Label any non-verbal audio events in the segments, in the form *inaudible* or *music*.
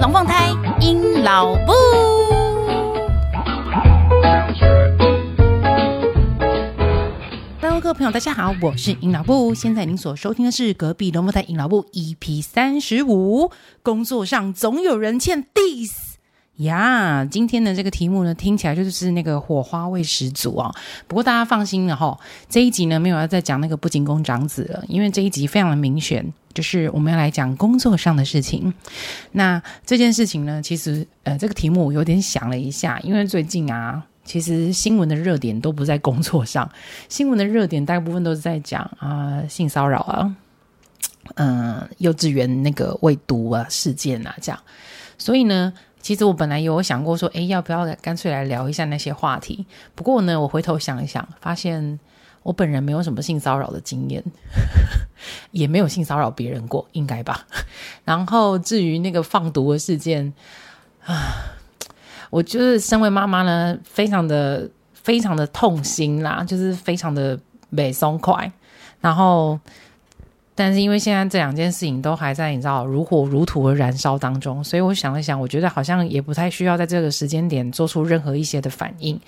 龍鳳胎，陰老木。哈囉各位朋友，大家好，我是陰老木。現在您所收聽的是《隔壁龍鳳胎》陰老木 EP 三十五。工作上總有人欠 Diss。呀，yeah, 今天的這個題目呢，聽起來就是那個火花味十足啊。不過大家放心了，吼，這一集呢沒有要再講那個不金工長子了，因為這一集非常的明顯就是我們要來講工作上的事情。那這件事情呢，其實呃，這個題目我有點想了一下，因為最近啊，其實新聞的熱點都不在工作上，新聞的熱點大部分都是在講啊、呃、性騷擾啊，嗯、呃，幼稚園那個餵毒啊事件啊這樣，所以呢。其實我本來有想過說誒，要不要乾脆來聊一下那些話題？不過呢，我回頭想一想，發現我本人沒有什麼性騷擾的經驗， *laughs* 也沒有性騷擾別人過，應該吧？ *laughs* 然後至於那個放毒的事件啊，我就是身為媽媽呢，非常的非常的痛心啦，就是非常的美鬆快。然後。但是因為現在這兩件事情都還在你知道如火如荼的燃燒當中，所以我想了想，我覺得好像也不太需要在這個時間點做出任何一些的反應。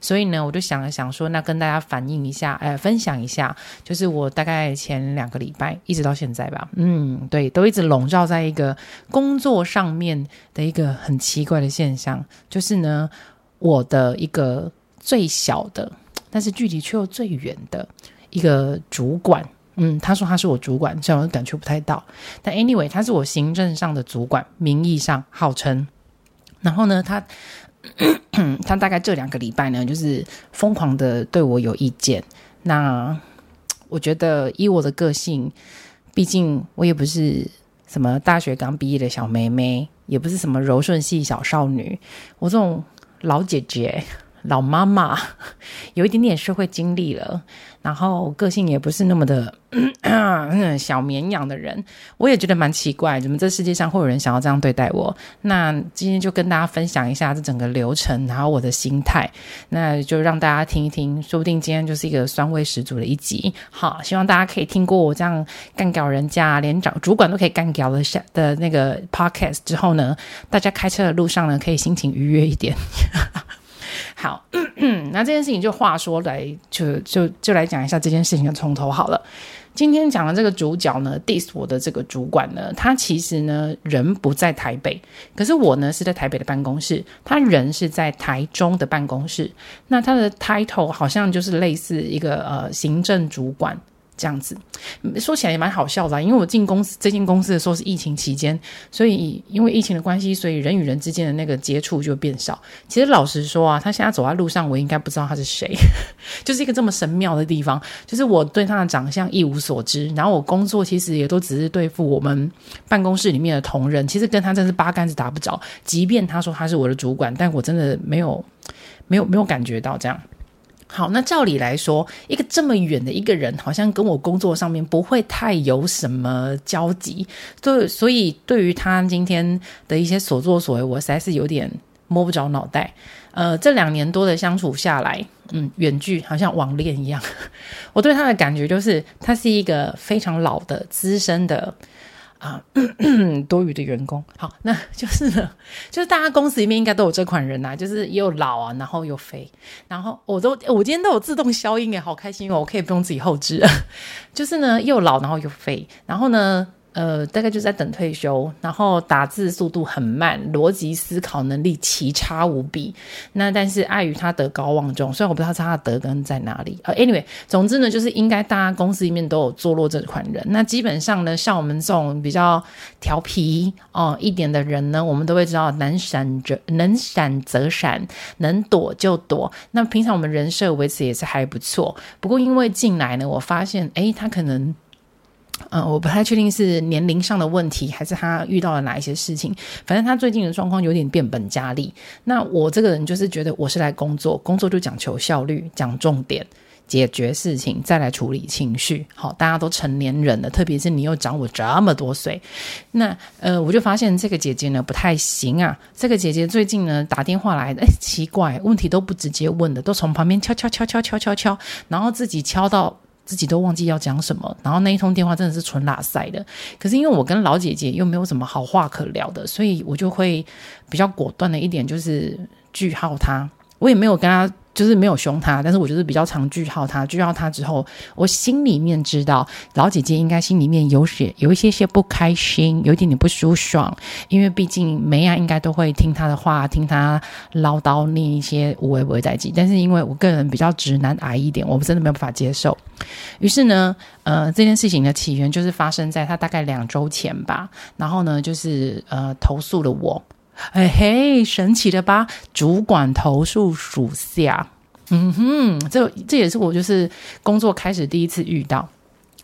所以呢，我就想了想說，那跟大家反映一下，呃，分享一下，就是我大概前兩個禮拜一直到現在吧，嗯，對，都一直籠罩在一個工作上面的一個很奇怪的現象，就是呢，我的一個最小的，但是距離卻又最遠的一個主管。嗯，他說他是我主管，這樣我感覺不太到。但 anyway，他是我行政上的主管，名義上號稱。然後呢，他咳咳他大概這兩個禮拜呢，就是瘋狂的對我有意見。那我覺得，以我的個性，畢竟我也不是什麼大學剛畢業的小妹妹，也不是什麼柔順系小少女，我這種老姐姐。老媽媽，有一點點社會經歷了，然後個性也不是那麼的嗯小綿羊的人，我也覺得蠻奇怪，怎麼這世界上會有人想要這樣對待我？那今天就跟大家分享一下這整個流程，然後我的心態，那就讓大家聽一聽，說不定今天就是一個酸味十足的一集。好，希望大家可以聽過我這樣幹剿人家，連長主管都可以幹剿的的那個 podcast 之後呢，大家開車的路上呢，可以心情愉悅一點。 *laughs* 好，嗯嗯，那這件事情就話說來，就就就來講一下這件事情的從頭好了。今天講的這個主角呢，Diss 我的這個主管呢，他其實呢人不在台北，可是我呢是在台北的辦公室，他人是在台中的辦公室。那他的 title 好像就是類似一個呃行政主管。這樣子說起來也蠻好笑的啊，因為我進公司、最近公司的時候是疫情期間，所以因為疫情的關係，所以人與人之間的那個接觸就變少。其實老實說啊，他現在走在路上，我應該不知道他是誰， *laughs* 就是一個這麼神妙的地方，就是我對他的長相一無所知。然後我工作其實也都只是對付我們辦公室裡面的同仁，其實跟他真是八竿子打不着。即便他說他是我的主管，但我真的沒有、沒有、沒有感覺到這樣。好，那照理來說，一個這麼遠的一個人，好像跟我工作上面不會太有什麼交集，對，所以對於他今天的一些所作所為，我實在是有點摸不着腦袋。呃，這兩年多的相處下來，嗯，遠距好像網戀一樣，我對他的感覺就是，他是一個非常老的資深的。啊咳咳，多餘的員工，好，那就是呢，就是大家公司裡面應該都有這款人吶、啊，就是又老啊，然後又肥，然後我都我今天都有自動消音耶，好開心、哦，因為我可以不用自己後製，就是呢又老然後又肥，然後呢。呃，大概就在等退休，然後打字速度很慢，邏輯思考能力奇差無比，那但是礙於他德高望重，所以我不知道他德根在哪裡啊。呃，Anyway，總之呢，就是應該大家公司裡面都有坐落這款人。那基本上呢，像我們這種比較調皮哦，一點的人呢，我們都會知道能閃則能閃則閃，能躲就躲。那平常我們人設維持也是還不錯。不過因為近來呢，我發現誒他可能，嗯、呃，我不太確定是年齡上的問題，還是他遇到了哪一些事情。反正他最近的狀況有點變本加厲。那我這個人就是覺得我是來工作，工作就講求效率，講重點，解決事情，再來處理情緒。好，大家都成年人了，特別是你又長我這麼多歲。那呃，我就發現這個姐姐呢不太行啊。這個姐姐最近呢打電話來的、欸，奇怪，問題都不直接問的，都從旁邊敲敲敲敲敲敲敲敲，然後自己敲到。自己都忘記要講什麼，然後那一通電話真的是純拉塞的。可是因為我跟老姐姐又沒有什麼好話可聊的，所以我就會比較果斷的一點，就是句號。他，我也沒有跟他。就是沒有凶他，但是我就是比較常拒絕他。他拒絕他之後，我心裡面知道老姐姐應該心裡面有些有一些些不開心，有一點點不舒爽。因為畢竟梅亞、啊、應該都會聽他的話，聽他嘮叨那一些無微不至。但是因為我個人比較直男癌一點，我真的沒有辦法接受。於是呢，呃，這件事情的起源就是發生在他大概兩周前吧。然後呢，就是，呃，投訴了我。哎、欸、嘿，神奇的吧？主管投訴屬下，嗯哼，這這也是我就是工作開始第一次遇到。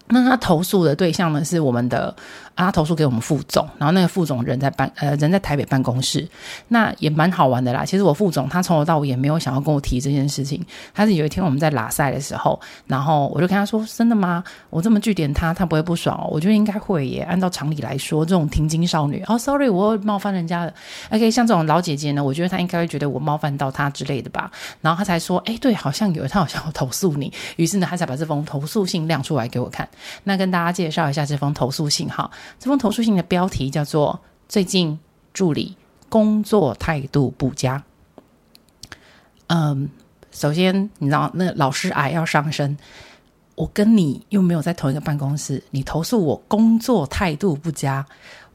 那他投訴的對象呢，是我們的。啊、他投訴給我們副總，然後那個副總人在辦，呃，人在台北辦公室，那也蠻好玩的啦。其實我副總他從頭到尾也沒有想要跟我提這件事情，他是有一天我們在喇賽的時候，然後我就跟他說：“真的嗎？我這麼拒點他，他不會不爽哦。”我覺得應該會耶，按照常理來說，這種停經少女，哦、oh,，sorry，我又冒犯人家了。OK，像這種老姐姐呢，我覺得她應該會覺得我冒犯到她之類的吧。然後她才說：“哎，對，好像有一套要投訴你。”於是呢，她才把這封投訴信亮出來給我看。那跟大家介紹一下這封投訴信哈。這封投訴信的標題叫做“最近助理工作態度不佳”。嗯，首先你知道，那老師癌要上身，我跟你又沒有在同一個辦公室，你投訴我工作態度不佳。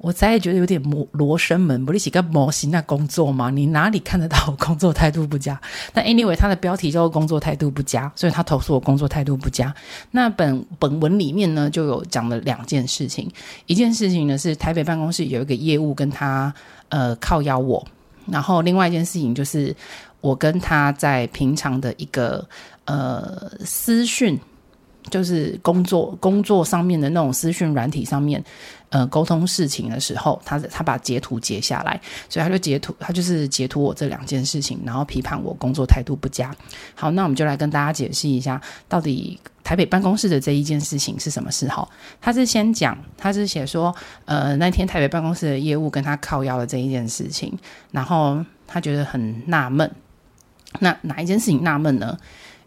我再也覺得有點模羅生門，不是一個模型那工作嘛？你哪裡看得到我工作態度不佳？但 anyway，他的標題叫做“工作態度不佳”，所以他投訴我工作態度不佳。那本本文裡面呢，就有講了兩件事情。一件事情呢是台北辦公室有一個業務跟他呃靠腰我，然後另外一件事情就是我跟他在平常的一個呃私訊。就是工作工作上面的那種私訊軟體上面，呃，溝通事情的時候，他他把截圖截下來，所以他就截圖，他就是截圖我這兩件事情，然後批判我工作態度不佳。好，那我們就來跟大家解釋一下，到底台北辦公室的這一件事情是什麼事？哈，他是先講，他是寫說，呃，那天台北辦公室的業務跟他靠腰的這一件事情，然後他覺得很納悶。那哪一件事情納悶呢？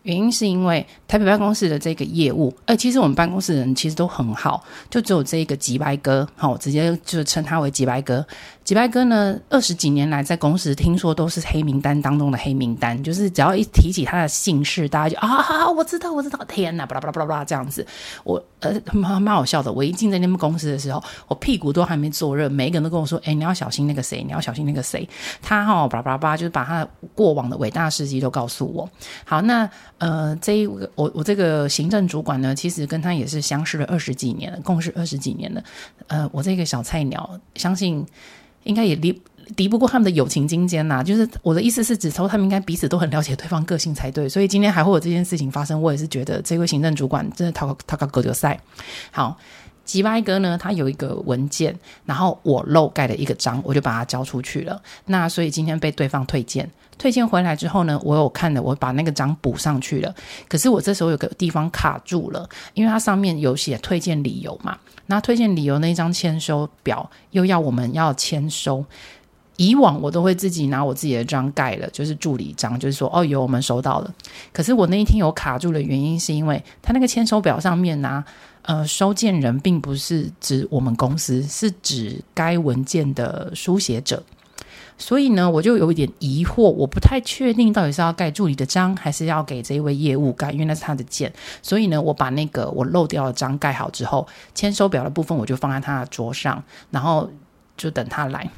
原因是因為台北辦公室的這個業務，哎、欸，其實我們辦公室的人其實都很好，就只有這一個吉白哥，好，我直接就稱他為吉白哥。吉拜哥呢，二十幾年來在公司聽說都是黑名單當中的黑名單，就是只要一提起他的姓氏，大家就啊啊，我知道，我知道，天吶，巴拉巴拉巴拉巴拉這樣子。我呃蠻蠻好笑的。我一進在那邊公司的時候，我屁股都還沒坐熱，每一個人都跟我說：“哎、欸，你要小心那個誰，你要小心那個誰。”他哈巴拉巴拉，就是把他過往的偉大事蹟都告訴我。好，那呃，這一我我這個行政主管呢，其實跟他也是相識了二十幾年了，共事二十幾年了。呃，我這個小菜鳥，相信，應該也敵敵不過他們的友情金堅吶，就是我的意思是，指出他們應該彼此都很了解對方個性才對，所以今天還會有這件事情發生，我也是覺得這位行政主管真的他搞他搞狗就塞，好。吉拜哥呢？他有一個文件，然後我漏蓋了一個章，我就把它交出去了。那所以今天被對方退件，退件回來之後呢，我有看了，我把那個章補上去了。可是我這時候有個地方卡住了，因為它上面有寫退件理由嘛。那退件理由那一張簽收表又要我們要簽收。以往我都會自己拿我自己的章蓋了，就是助理章，就是說哦有我們收到了。可是我那一天有卡住的原因是因為他那個簽收表上面呢、啊。呃，收件人並不是指我們公司，是指該文件的書寫者。所以呢，我就有一點疑惑，我不太確定到底是要蓋助理的章，還是要給這一位業務蓋，因為那是他的件。所以呢，我把那個我漏掉的章蓋好之後，簽收表的部分我就放在他的桌上，然後就等他來。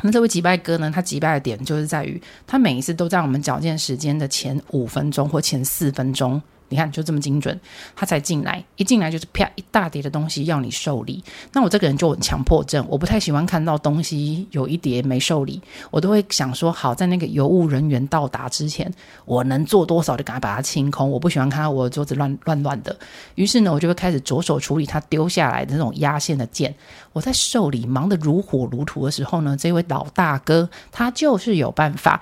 那這位機掰哥呢，他機掰的點就是在於他每一次都在我們繳件時間的前五分鐘或前四分鐘。你看，就這麼精準，他才進來，一進來就是啪一大疊的東西要你受理。那我這個人就很強迫症，我不太喜歡看到東西有一疊沒受理，我都會想說，好，在那個郵務人員到達之前，我能做多少就趕快把它清空。我不喜歡看到我的桌子亂亂亂的，於是呢，我就會開始着手處理他丟下來的那種壓線的件。我在受理忙得如火如荼的時候呢，這位老大哥他就是有辦法，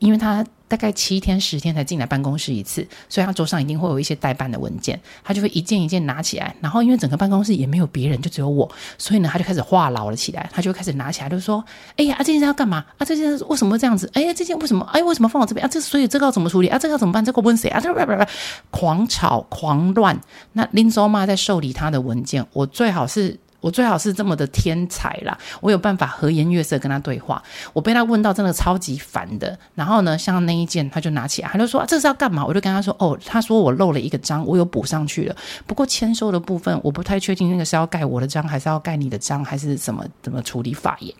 因為他。大概七天十天才進來辦公室一次，所以他桌上一定會有一些待辦的文件，他就會一件一件拿起來，然後因為整個辦公室也沒有別人，就只有我，所以呢，他就開始話癆了起來，他就會開始拿起來就說：“哎呀，啊、這件事要幹嘛？啊，這件事為什麼這樣子？哎呀，這件事為什麼？哎呀，為什麼放我這邊？啊，這所以這個要怎麼處理？啊，這個要怎麼辦？這個問誰？啊，這不不不，狂吵狂亂。那恁祖媽，在受理他的文件，我最好是。”我最好是這麼的天才啦，我有辦法和顏悅色跟他對話。我被他問到真的超級煩的。然後呢，像那一件，他就拿起來，他就說：“啊，這是要幹嘛？”我就跟他說：“哦，他說我漏了一個章，我有補上去了。不過簽收的部分，我不太確定那個是要蓋我的章，還是要蓋你的章，還是怎麼怎麼處理法也。”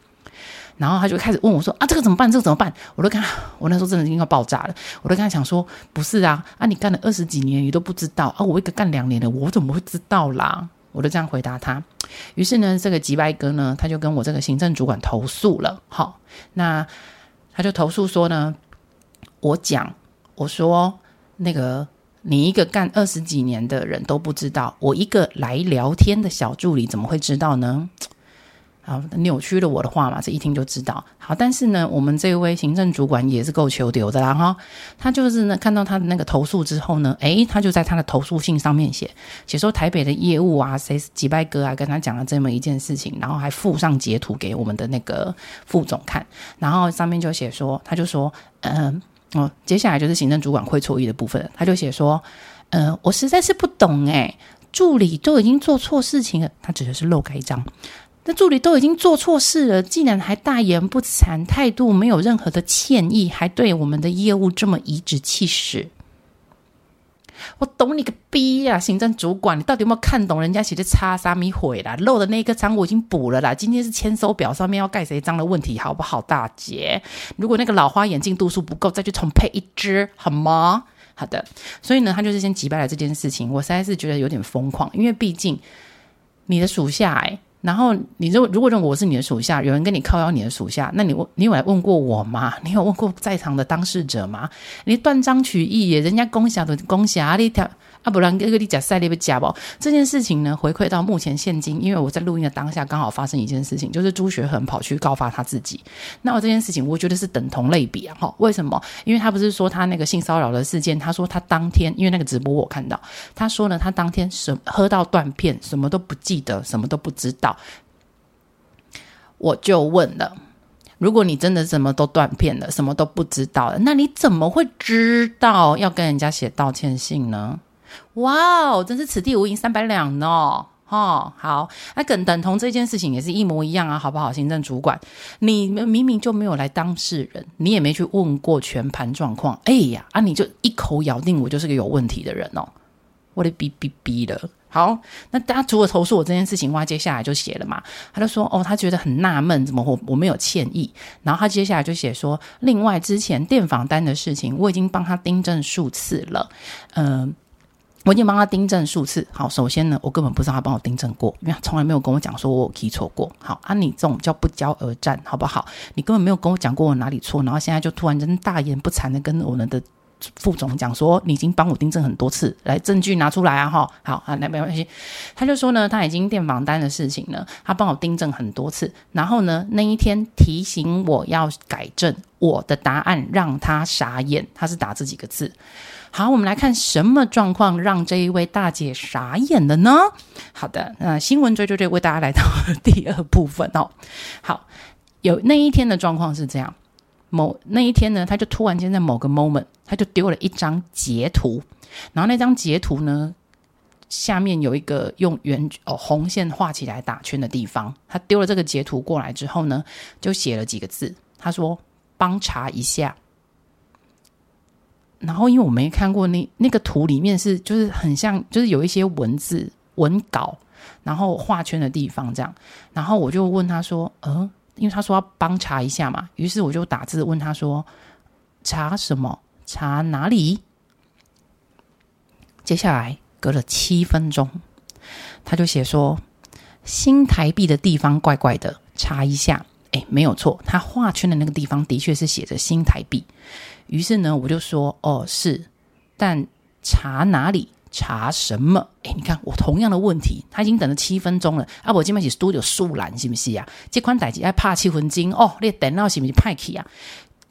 然後他就開始問我說：“啊，這個怎麼辦？這個怎麼辦？”我都跟他，我那時候真的已經要爆炸了。我都跟他想說：“不是啊，啊，你幹了二十幾年，你都不知道啊，我一個幹兩年的，我怎麼會知道啦？”我就這樣回答他，於是呢，這個吉白哥呢，他就跟我這個行政主管投訴了。好、哦，那他就投訴說呢，我講我說那個你一個幹二十幾年的人都不知道，我一個來聊天的小助理怎麼會知道呢？啊，扭曲了我的話嘛，這一聽就知道。好，但是呢，我們這位行政主管也是夠球丟的啦哈。他就是呢，看到他的那個投訴之後呢，誒他就在他的投訴信上面寫，寫說台北的業務啊，誰幾拜哥啊，跟他講了這麼一件事情，然後還附上截圖給我們的那個副總看，然後上面就寫說，他就說，嗯，哦，接下來就是行政主管會錯意的部分，他就寫說，嗯，我實在是不懂誒、欸、助理都已經做錯事情了，他指的是漏蓋章。那助理都已經做錯事了，竟然還大言不慚，態度沒有任何的歉意，還對我們的業務這麼頤指氣使。我懂你個逼呀、啊！行政主管，你到底有沒有看懂人家寫的叉沙米毀啦，漏的那一個章，我已經補了啦。今天是簽收表上面要蓋誰章的問題，好不好，大姐？如果那個老花眼鏡度數不夠，再去重配一支，好嗎？好的。所以呢，他就是先擊敗了這件事情。我實在是覺得有點瘋狂，因為畢竟你的屬下誒然後你認如，如果認為我是你的屬下，有人跟你靠邀你的屬下，那你問你有來問過我嗎？你有問過在場的當事者嗎？你斷章取義，人家攻下的攻下啊。跳。阿布蘭哥你講塞利不假吧？這件事情呢，回饋到目前現今，因為我在錄音的當下，剛好發生一件事情，就是朱學恆跑去告發他自己。那我這件事情，我覺得是等同類比啊。哈、哦，為什麼？因為他不是說他那個性騷擾的事件，他說他當天，因為那個直播我看到，他說呢，他當天什喝到斷片，什麼都不記得，什麼都不知道。我就問了，如果你真的什麼都斷片了，什麼都不知道了，那你怎麼會知道要跟人家寫道歉信呢？哇哦，真是此地無銀三百兩哦哦，好，那、啊、跟等同這件事情也是一模一樣啊，好不好？行政主管，你明明就沒有來當事人，你也沒去問過全盤狀況。哎呀，啊，你就一口咬定我就是個有問題的人哦！我得逼逼逼了。好，那大家除了投訴我這件事情，哇，接下來就寫了嘛。他就說，哦，他覺得很納悶，怎麼我我沒有歉意？然後他接下來就寫說，另外之前電訪單的事情，我已經幫他訂正數次了。嗯、呃。我已經幫他訂正數次，好，首先呢，我根本不知道他幫我訂正過，因為他從來沒有跟我講說我有 K 錯過，好，啊，你這種叫不教而戰，好不好？你根本沒有跟我講過我哪裡錯，然後現在就突然間大言不慚的跟我們的。副總講說，你已經幫我訂正很多次，來證據拿出來啊！哈，好啊，那沒關係。他就說呢，他已經訂房單的事情呢，他幫我訂正很多次，然後呢，那一天提醒我要改正我的答案，讓他傻眼。他是打這幾個字。好，我們來看什麼狀況讓這一位大姐傻眼了呢？好的，那新聞追追追，為大家來到第二部分哦。好，有那一天的狀況是這樣。某那一天呢，他就突然間在某個 moment，他就丟了一張截圖，然後那張截圖呢，下面有一個用圓哦紅線畫起來打圈的地方。他丟了這個截圖過來之後呢，就寫了幾個字，他說幫查一下。然後因為我沒看過那那個圖裡面是就是很像就是有一些文字文稿，然後畫圈的地方這樣。然後我就問他說，嗯、呃。因為他說要幫查一下嘛，於是我就打字問他說：“查什麼？查哪裡？”接下來隔了七分鐘，他就寫說：“新台幣的地方怪怪的，查一下。”哎，沒有錯，他畫圈的那個地方的確是寫着新台幣。於是呢，我就說：“哦，是，但查哪裡？”查什麼？哎，你看我同樣的問題，他已經等了七分鐘了。啊我，我這邊寫是多久樹懶是不是啊？這款台機哎，怕七分鐘哦，你等到什不信派克啊？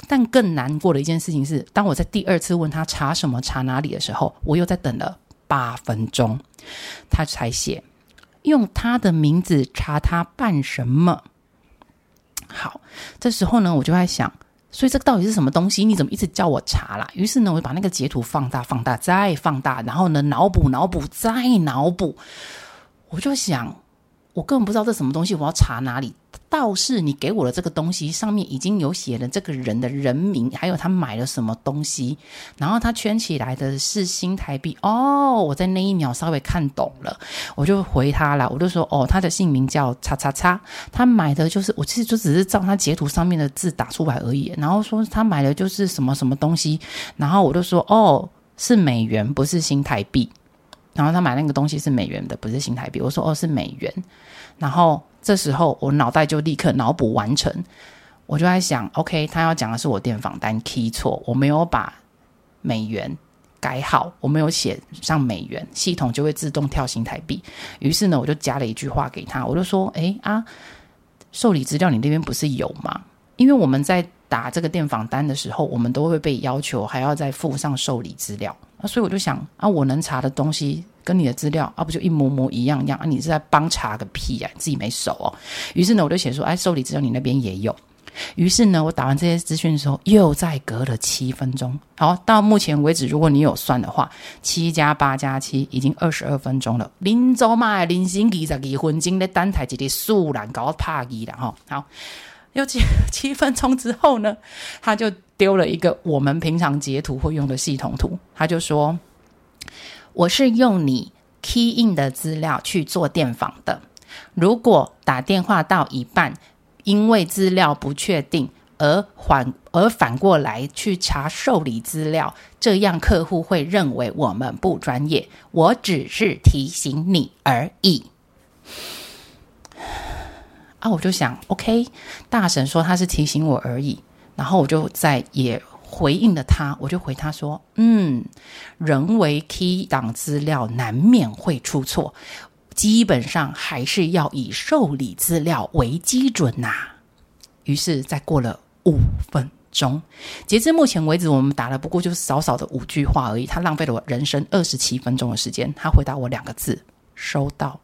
但更難過的一件事情是，當我在第二次問他查什麼查哪裡的時候，我又在等了八分鐘，他才寫用他的名字查他辦什麼。好，這時候呢，我就在想。所以這個到底是什麼東西？你怎麼一直叫我查啦？於是呢，我就把那個截圖放大、放大、再放大，然後呢，腦補、腦補、再腦補，我就想。我根本不知道這什麼東西，我要查哪裡？倒是你給我的這個東西上面已經有寫了這個人的人名，還有他買了什麼東西，然後他圈起來的是新台幣。哦，我在那一秒稍微看懂了，我就回他了，我就說：哦，他的姓名叫叉叉叉，他買的就是我其實就只是照他截圖上面的字打出來而已。然後說他買的就是什麼什麼東西，然後我就說：哦，是美元，不是新台幣。然後他買那個東西是美元的，不是新台幣。我說：“哦，是美元。”然後這時候我腦袋就立刻腦補完成，我就在想：“OK，他要講的是我電訪單 key 錯，我沒有把美元改好，我沒有寫上美元，系統就會自動跳新台幣。”於是呢，我就加了一句話給他，我就說：“哎啊，受理資料你那邊不是有嗎？因為我們在打這個電訪單的時候，我們都會被要求還要再附上受理資料。”所以我就想啊，我能查的東西跟你的資料、啊，不就一模模一樣樣啊？你是在幫查個屁呀，啊？自己沒手哦。於是呢，我就寫說，哎、啊，受理資料你那邊也有。於是呢，我打完這些資訊的時候，又再隔了七分鐘。好，到目前為止，如果你有算的話，七加八加七，已經二十二分鐘了。臨走嘛，林新吉在離婚金的單台，直接素爛搞趴椅了哈。好。又七 *laughs* 七分鐘之後呢，他就丟了一個我們平常截圖會用的系統圖。他就說：“我是用你 key in 的資料去做電訪的。如果打電話到一半，因為資料不確定而緩而反過來去查受理資料，這樣客戶會認為我們不專業。我只是提醒你而已。” *laughs* 那、啊、我就想，OK，大神說他是提醒我而已，然後我就再也回應了他，我就回他說，嗯，人為 key 檔資料難免會出錯，基本上還是要以受理資料為基準吶、啊。於是，再過了五分鐘，截至目前為止，我們打了不過就是少少的五句話而已，他浪費了我人生二十七分鐘的時間，他回答我兩個字：收到。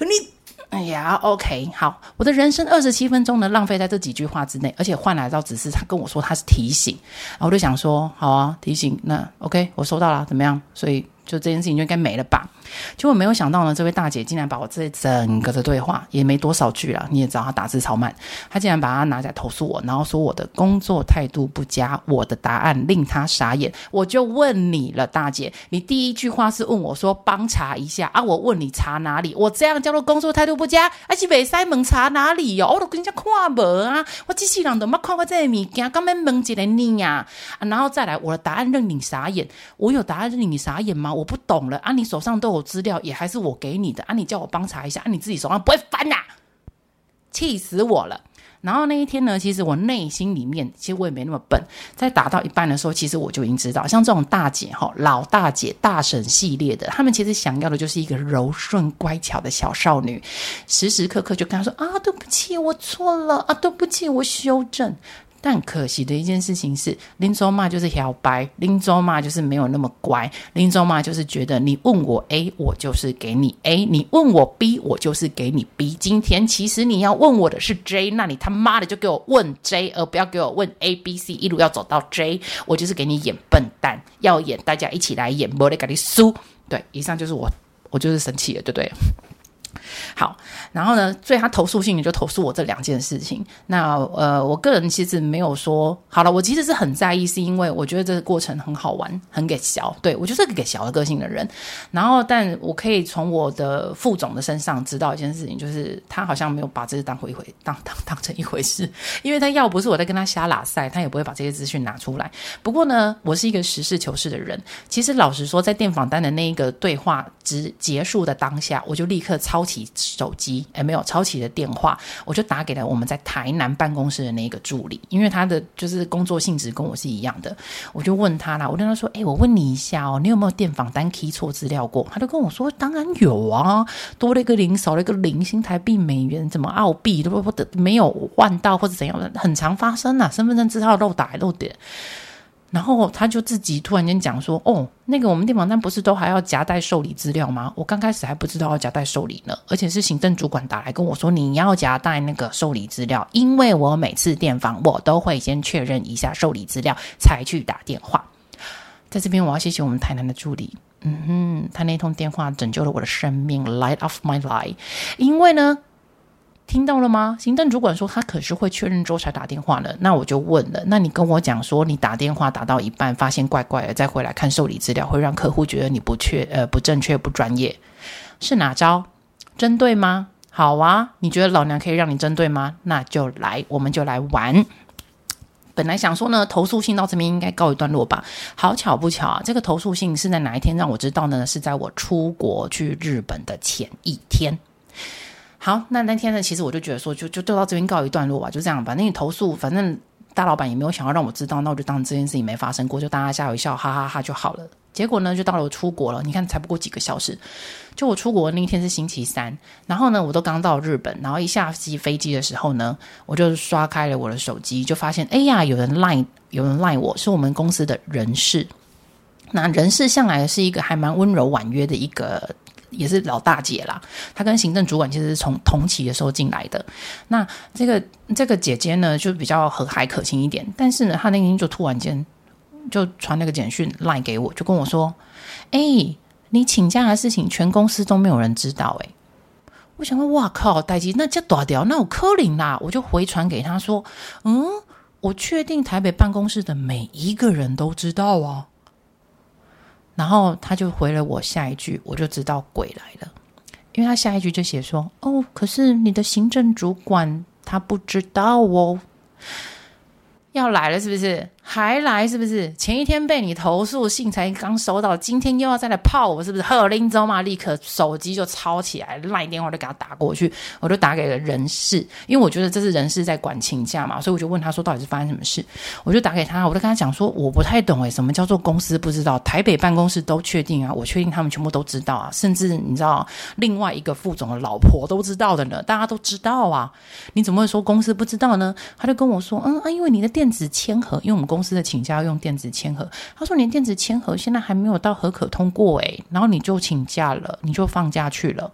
你。哎呀，OK，好，我的人生二十七分鐘呢，浪費在這幾句話之內，而且換來到只是他跟我說他是提醒，然後我就想說，好啊，提醒，那 OK，我收到了，怎麼樣？所以。就這件事情就應該沒了吧？結果沒有想到呢，這位大姐竟然把我這整個的對話也沒多少句了，你也知道她打字超慢，她竟然把她拿起來投訴我，然後說我的工作態度不佳，我的答案令她傻眼。我就問你了，大姐，你第一句話是問我說幫查一下啊？我問你查哪裡？我這樣叫做工作態度不佳，還是未塞門查哪裡喲？我都跟你講看門啊，我機器人都沒看過這個物件，剛面問一個人你呀，然後再來我的答案令你傻眼，我有答案令你傻眼嗎？我不懂了啊！你手上都有資料，也還是我給你的啊！你叫我幫查一下啊！你自己手上不會翻吶、啊！氣死我了！然後那一天呢，其實我內心裡面，其實我也沒那麼笨。在打到一半的時候，其實我就已經知道，像這種大姐哈、哦、老大姐、大嬸系列的，他們其實想要的就是一個柔順乖巧的小少女，時時刻刻就跟他說啊：“對不起，我錯了啊，對不起，我修正。”但可惜的一件事情是，恁祖媽就是小白，恁祖媽就是沒有那麼乖，恁祖媽就是覺得你問我 A，我就是給你 A；你問我 B，我就是給你 B。今天其實你要問我的是 J，那你他媽的就給我問 J，而不要給我問 A、B、C。一路要走到 J，我就是給你演笨蛋，要演大家一起來演莫雷卡利蘇。對，以上就是我，我就是生氣了，對不對？好，然後呢，所以他投訴信就投訴我這兩件事情。那呃，我個人其實沒有說好了，我其實是很在意，是因為我覺得這個過程很好玩，很給小，對，我就是個給小的個性的人。然後，但我可以從我的副總的身上知道一件事情，就是他好像沒有把這事當回回，當當當成一回事。因為他要不是我在跟他瞎拉賽，他也不會把這些資訊拿出來。不過呢，我是一個實事求是的人。其實老實說，在電訪單的那一個對話結結束的當下，我就立刻操。抄起手機，沒、欸、沒有，抄起的電話，我就打給了我們在台南辦公室的那個助理，因為他的就是工作性質跟我是一樣的，我就問他了，我跟他說，哎、欸，我問你一下哦，你有沒有電訪單 key 錯資料過？他就跟我說，當然有啊，多了一個零，少了一個零，新台幣美元怎麼澳幣都不得沒有換到或者怎樣的，很常發生啊，身份證字號漏打漏點。然後他就自己突然間講說：“哦，那個我們電訪單不是都還要夾帶受理資料嗎？我剛開始還不知道要夾帶受理呢，而且是行政主管打來跟我說你要夾帶那個受理資料，因為我每次電訪我都會先確認一下受理資料才去打電話。在這邊我要謝謝我們台南的助理，嗯哼，他那通電話拯救了我的生命，Light of my life，因為呢。”聽到了嗎？行政主管說他可是會確認之後才打電話的。那我就問了，那你跟我講說你打電話打到一半發現怪怪的，再回來看受理資料，會讓客戶覺得你不確呃不正確不專業，是哪招？針對嗎？好啊，你覺得老娘可以讓你針對嗎？那就來，我們就來玩。本來想說呢，投訴信到這邊應該告一段落吧。好巧不巧啊，這個投訴信是在哪一天讓我知道呢？是在我出國去日本的前一天。好，那那天呢？其實我就覺得說，就就就到這邊告一段落吧，就這樣吧。那你投訴，反正大老板也沒有想要讓我知道，那我就當這件事情沒發生過，就大家笑一笑，哈，哈哈哈就好了。結果呢，就到了我出國了。你看，才不過幾個小時，就我出國那天是星期三，然後呢，我都剛到日本，然後一下機飛機的時候呢，我就刷開了我的手機，就發現，哎、欸、呀，有人賴，有人賴我是，是我們公司的人事。那人事向來的是一個還蠻溫柔婉約的一個。也是老大姐啦，她跟行政主管其實是從同期的時候進來的。那這個這個姐姐呢，就比較和藹可親一點。但是呢，她那天就突然間就傳了個簡訊賴給我，就跟我說：“哎、欸，你請假的事情，全公司都沒有人知道。”哎，我想說，哇靠，代誌那這大條，那我柯林啦，我就回傳給他說：“嗯，我確定台北辦公室的每一個人都知道啊。”然後他就回了我下一句，我就知道鬼來了，因為他下一句就寫說：“哦，可是你的行政主管他不知道哦，要來了是不是？”還來是不是？前一天被你投訴信才剛收到，今天又要再來泡我是不是？呵，拎走嘛，立刻手機就抄起來，LINE 電話就給他打過去，我就打給了人事，因為我覺得這是人事在管請假嘛，所以我就問他說到底是發生什麼事，我就打給他，我就跟他講說我不太懂誒、欸、什麼叫做公司不知道？台北辦公室都確定啊，我確定他們全部都知道啊，甚至你知道另外一個副總的老婆都知道的呢，大家都知道啊，你怎麼會說公司不知道呢？他就跟我說，嗯啊，因為你的電子簽核，因為我們公公司的請假要用電子簽核，他說連電子簽核現在還沒有到核可通過哎、欸，然後你就請假了，你就放假去了。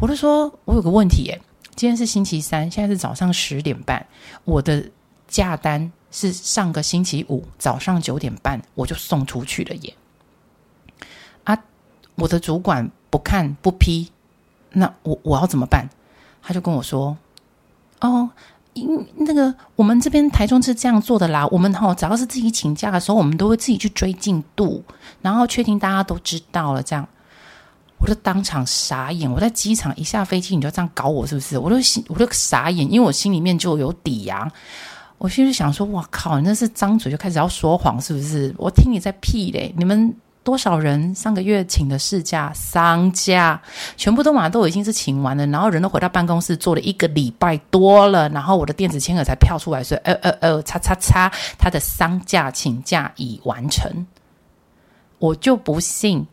我就說，我有個問題耶、欸，今天是星期三，現在是早上十點半，我的假單是上個星期五早上九點半我就送出去了耶。啊，我的主管不看不批，那我我要怎麼辦？他就跟我說，哦。因那個我們這邊台中是這樣做的啦，我們哈、哦，只要是自己請假的時候，我們都會自己去追進度，然後確定大家都知道了。這樣，我就當場傻眼。我在機場一下飛機，你就這樣搞我，是不是？我就心，我就傻眼，因為我心裡面就有底啊。我心裡就想說，哇靠，你那是張嘴就開始要說謊，是不是？我聽你在屁嘞，你們。多少人上個月請的事假、喪假，全部都嘛都已經是請完了，然後人都回到辦公室坐了一個禮拜多了，然後我的電子簽核才跳出來，說呃呃呃，叉叉叉，他的喪假請假已完成。我就不信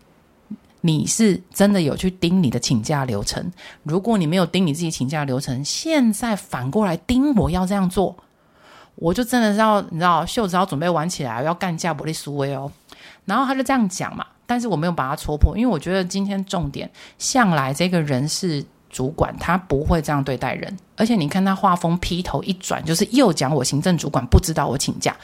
你是真的有去盯你的請假流程，如果你沒有盯你自己請假流程，現在反過來盯我要這樣做，我就真的是要你知道袖子要準備挽起來，要幹架不利輸威哦。然後他就這樣講嘛，但是我沒有把他戳破，因為我覺得今天重點向來這個人事主管他不會這樣對待人，而且你看他畫風劈頭一轉，就是又講我行政主管不知道我請假。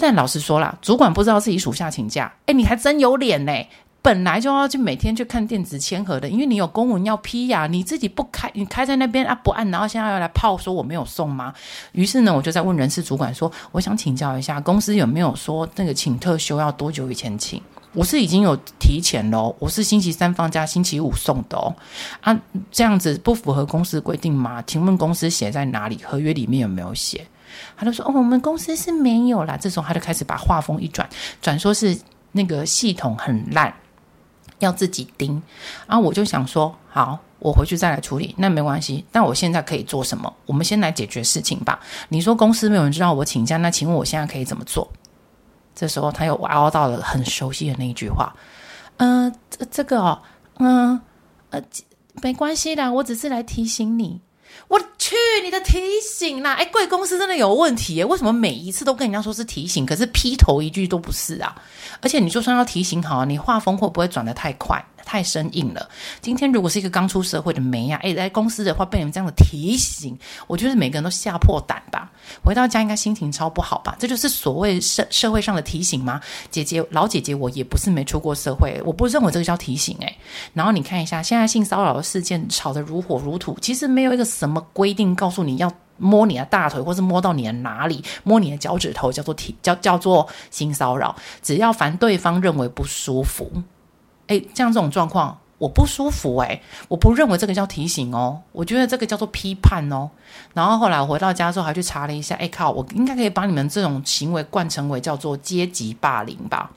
但老實說啦，主管不知道自己屬下請假，哎，你還真有臉呢、欸。本來就要去每天去看電子簽核的，因為你有公文要批呀、啊，你自己不開，你開在那邊啊不按，然後現在要來炮說我沒有送嗎？於是呢，我就在問人事主管說，我想請教一下，公司有沒有說那個請特休要多久以前請？我是已經有提前嘍，我是星期三放假，星期五送的哦，啊，這樣子不符合公司規定嗎？請問公司寫在哪裡？合約裡面有沒有寫？他就說，哦、我們公司是沒有啦。這時候他就開始把話鋒一轉，轉說是那個系統很爛。要自己盯，然、啊、後我就想說，好，我回去再來處理，那沒關係。那我現在可以做什麼？我們先來解決事情吧。你說公司沒有人知道我請假，那請問我現在可以怎麼做？這時候他又凹到了很熟悉的那一句話，嗯、呃，這這個、哦，嗯呃，呃，沒關係啦，我只是來提醒你。我去你的提醒啦、啊！哎、欸，貴公司真的有問題耶，為什麼每一次都跟人家說是提醒，可是劈頭一句都不是啊？而且你就算要提醒，好，你畫風會不會轉得太快？太生硬了。今天如果是一個剛出社會的妹呀、啊，誒、欸，在公司的話被你們這樣的提醒，我覺得每個人都嚇破膽吧。回到家應該心情超不好吧？這就是所謂社社會上的提醒嗎？姐姐，老姐姐，我也不是沒出過社會，我不認為這個叫提醒誒、欸，然後你看一下，現在性騷擾的事件吵得如火如荼，其實沒有一個什麼規定告訴你要摸你的大腿，或是摸到你的哪裡，摸你的腳趾頭叫做提叫叫做性騷擾，只要凡對方認為不舒服。哎，這樣，這種狀況我不舒服哎、欸，我不認為這個叫提醒哦，我覺得這個叫做批判哦。然後後來我回到家之後，還去查了一下，哎靠，我應該可以把你們這種行為冠稱為叫做階級霸凌吧？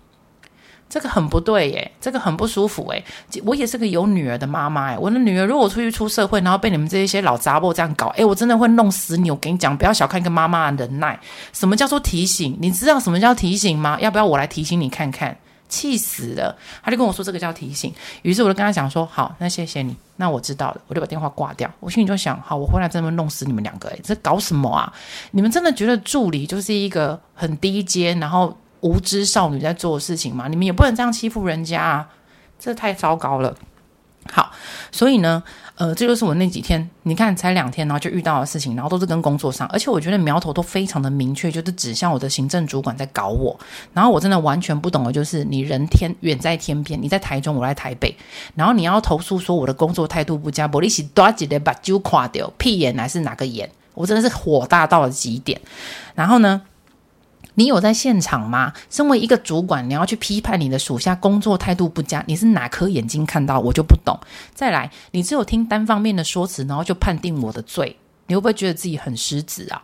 這個很不對耶、欸，這個很不舒服哎、欸，我也是個有女兒的媽媽哎、欸，我的女兒如果出去出社會，然後被你們這一些老雜貨這樣搞，哎，我真的會弄死你！我跟你講，不要小看一個媽媽的忍耐。什麼叫做提醒？你知道什麼叫提醒嗎？要不要我來提醒你看看？氣死了，他就跟我說這個叫提醒，於是我就跟他講說好，那謝謝你，那我知道了，我就把電話掛掉。我心裡就想，好，我回來真的弄死你們兩個，欸，誒，這搞什麼啊？你們真的覺得助理就是一個很低階，然後無知少女在做的事情嗎？你們也不能這樣欺負人家啊，這太糟糕了。好，所以呢，呃，這就是我那幾天，你看才兩天，然後就遇到的事情，然後都是跟工作上，而且我覺得苗頭都非常的明確，就是指向我的行政主管在搞我，然後我真的完全不懂的就是你人天遠在天邊，你在台中，我在台北，然後你要投訴說我的工作態度不佳，不利息多幾的把酒垮掉，屁眼還是哪個眼，我真的是火大到了極點，然後呢？你有在現場嗎？身為一個主管，你要去批判你的屬下工作態度不佳，你是哪顆眼睛看到？我就不懂。再來，你只有聽單方面的說辭，然後就判定我的罪。你會不會覺得自己很失職啊？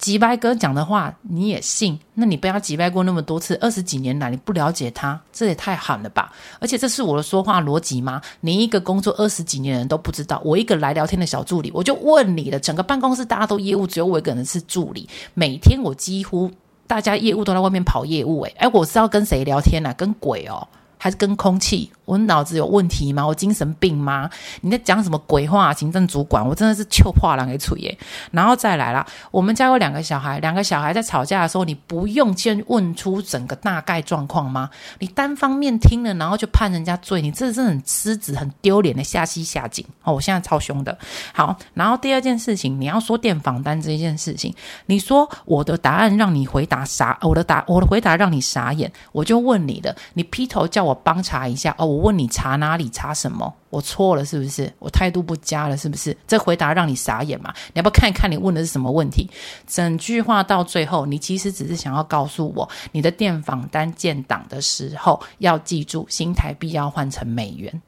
吉拜哥講的話你也信？那你不要吉拜過那麼多次，二十幾年來你不了解他，這也太狠了吧！而且這是我的說話邏輯嗎？連一個工作二十幾年的人都不知道，我一個來聊天的小助理，我就問你了，整個辦公室大家都業務，只有我一個人是助理，每天我幾乎大家業務都在外面跑業務、欸，哎、欸、我是要跟誰聊天啊？跟鬼哦，還是跟空氣？我腦子有問題嗎？我精神病嗎？你在講什麼鬼話？行政主管，我真的是臭破爛給吹！然後再來啦，我們家有兩個小孩，兩個小孩在吵架的時候，你不用先問出整個大概狀況嗎？你單方面聽了，然後就判人家罪，你這是很失職、很丟臉的下西下井哦！我現在超凶的。好，然後第二件事情，你要說電訪單這一件事情，你說我的答案讓你回答傻，我的答我的回答讓你傻眼，我就問你的，你劈頭叫我幫查一下哦，問你查哪裡查什麼？我錯了是不是？我態度不佳了是不是？這回答讓你傻眼嘛？你要不要看一看你問的是什麼問題？整句話到最後，你其實只是想要告訴我，你的電訪單建檔的時候要記住，新台幣要換成美元。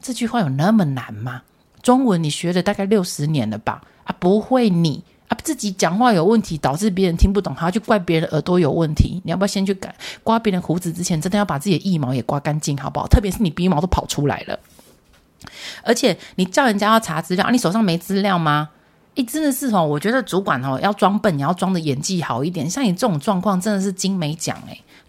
這句話有那麼難嗎？中文你學了大概六十年了吧？啊，不會你。啊，自己講話有問題，導致別人聽不懂，還要去怪別人耳朵有問題。你要不要先去改？刮別人鬍子之前，真的要把自己的腋毛也刮乾淨，好不好？特別是你鼻毛都跑出來了。而且你叫人家要查資料，啊，你手上沒資料嗎？誒，真的是哦。我覺得主管哦，要裝笨，你要裝的演技好一點。像你這種狀況，真的是精美獎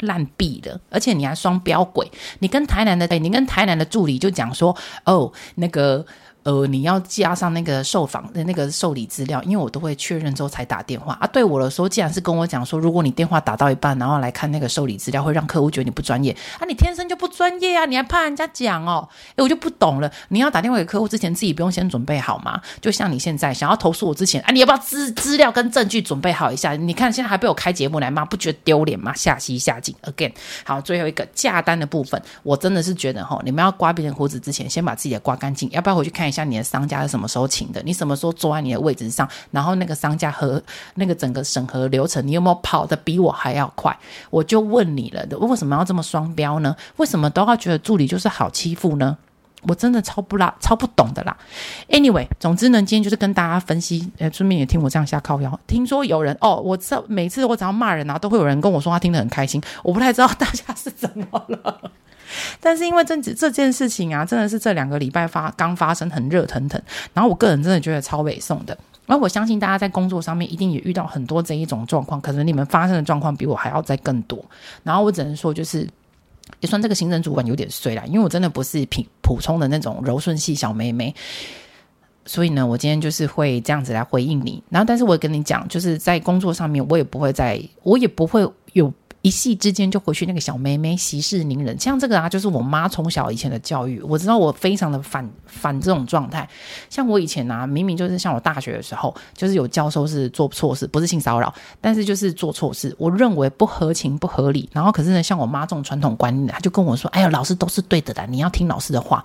誒，爛斃的。而且你還雙標鬼，你跟台南的誒，你跟台南的助理就講說哦，那個。呃，你要加上那個受訪的那個受理資料，因為我都會確認之後才打電話啊。對我的時候，既然是跟我講說，如果你電話打到一半，然後來看那個受理資料，會讓客戶覺得你不專業啊。你天生就不專業啊，你還怕人家講哦？哎，我就不懂了。你要打電話給客戶之前，自己不用先準備好嗎？就像你現在想要投訴我之前，啊，你要不要資資料跟證據準備好一下？你看現在還被我開節目來罵，不覺得丟臉嗎？下西下井 again。好，最後一個價單的部分，我真的是覺得齁、哦，你們要刮別人鬍子之前，先把自己的刮乾淨。要不要回去看？看一下你的商家是什麼時候請的？你什麼時候坐在你的位置上？然後那個商家和那個整個審核流程，你有沒有跑得比我還要快？我就問你了，為什麼要這麼雙標呢？為什麼都要覺得助理就是好欺負呢？我真的超不拉超不懂的啦。Anyway，總之呢，今天就是跟大家分析。誒，順便也聽我這樣瞎靠腰。聽說有人哦，我知道每次我只要罵人啊，都會有人跟我說話，聽得很開心。我不太知道大家是怎麼了。但是因為這這件事情啊，真的是這兩個禮拜發剛發生，很熱騰騰。然後我個人真的覺得超北宋的。然後我相信大家在工作上面一定也遇到很多這一種狀況，可能你們發生的狀況比我還要再更多。然後我只能說，就是也算這個行政主管有點衰啦，因為我真的不是平普通的那種柔順系小妹妹。所以呢，我今天就是會這樣子來回應你。然後，但是我也跟你講，就是在工作上面，我也不會再，我也不會有。一夕之間就回去那個小妹妹，息事寧人。像這個啊，就是我媽從小以前的教育，我知道我非常的反反這種狀態。像我以前啊，明明就是像我大學的時候，就是有教授是做錯事，不是性騷擾，但是就是做錯事，我認為不合情不合理。然後可是呢，像我媽這種傳統觀念，她就跟我說：“哎呀，老師都是對的啦，你要聽老師的話。”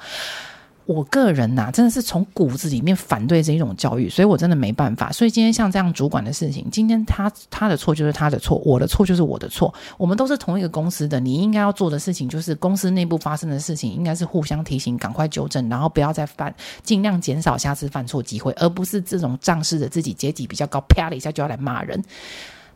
我個人吶、啊，真的是從骨子裡面反對這一種教育，所以我真的沒辦法。所以今天像這樣主管的事情，今天他他的錯就是他的錯，我的錯就是我的錯。我們都是同一個公司的，你應該要做的事情就是公司內部發生的事情，應該是互相提醒，趕快糾正，然後不要再犯，盡量減少下次犯錯機會，而不是這種仗勢的自己階級比較高，啪的一下就要來罵人。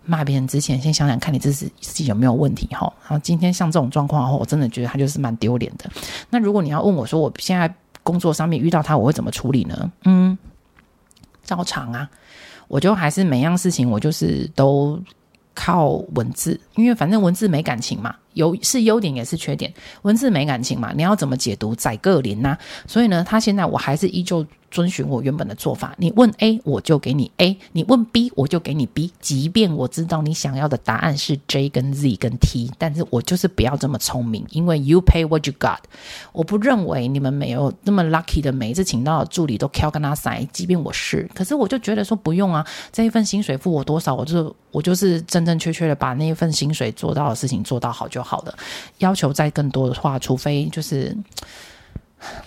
罵別人之前，先想想看你自己自己有沒有問題哈。然後今天像這種狀況的話，我真的覺得他就是蠻丟臉的。那如果你要問我說我現在，工作上面遇到他，我會怎麼處理呢？嗯，照常啊，我就還是每樣事情，我就是都靠文字，因為反正文字沒感情嘛，有是優點也是缺點，文字沒感情嘛，你要怎麼解讀，宰個林啊。所以呢，他現在我還是依舊。遵循我原本的做法，你問 A 我就給你 A，你問 B 我就給你 B。即便我知道你想要的答案是 J 跟 Z 跟 T，但是我就是不要這麼聰明，因為 You pay what you got。我不認為你們沒有那麼 lucky 的，每一次請到的助理都甲那賽。即便我是，可是我就覺得說不用啊，這一份薪水付我多少，我就我就是真正確確的把那一份薪水做到的事情做到好就好了。要求再更多的話，除非就是。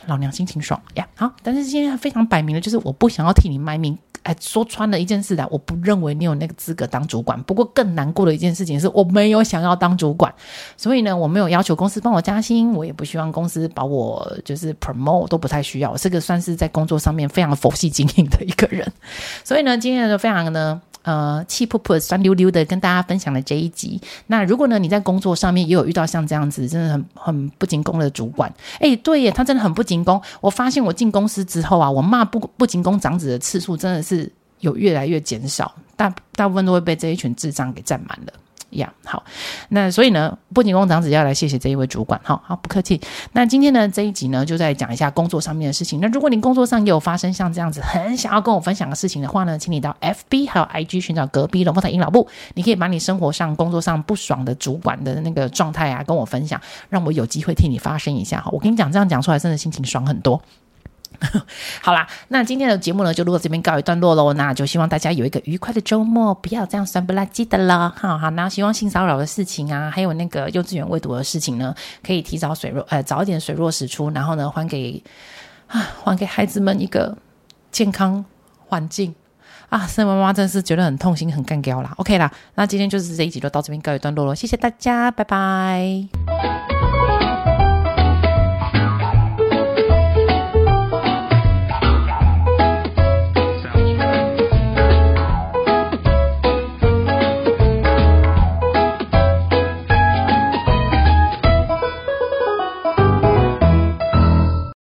老娘心情爽呀，yeah, 好，但是今天非常擺明了，就是我不想要替你賣命。哎，說穿了一件事來，我不認為你有那個資格當主管。不過更難過的一件事情是我沒有想要當主管，所以呢，我沒有要求公司幫我加薪，我也不希望公司把我就是 promote 都不太需要。我是個算是在工作上面非常佛系經營的一個人。所以呢，今天就非常的呢。呃，氣噗噗、酸溜溜的，跟大家分享了這一集。那如果呢，你在工作上面也有遇到像這樣子，真的很很不金工的主管？哎、欸，對耶，他真的很不金工。我發現我進公司之後啊，我罵不不金工長子的次數真的是有越來越減少，大大部分都會被這一群智障給占滿了。y、yeah, 好，那所以呢，不金工長子要來謝謝這一位主管，好好，不客氣。那今天呢，這一集呢，就在講一下工作上面的事情。那如果你工作上也有發生像這樣子，很想要跟我分享的事情的話呢，請你到 FB 還有 IG 尋找隔壁龍鳳胎陰老木，你可以把你生活上、工作上不爽的主管的那個狀態啊，跟我分享，讓我有機會替你發聲一下。我跟你講，這樣講出來真的心情爽很多。 *laughs* 好啦，那今天的節目呢，就錄到這邊告一段落嘍。那就希望大家有一個愉快的周末，不要這樣酸不拉嘰的啦。好好，那希望性騷擾的事情啊，還有那個幼稚園餵毒的事情呢，可以提早水落，呃，早一點水落石出，然後呢，還給啊，還給孩子們一個健康環境啊。身為媽媽，真是覺得很痛心，很幹譙啦。OK 啦，那今天就是這一集，就到這邊告一段落嘍。謝謝大家，拜拜。 *music*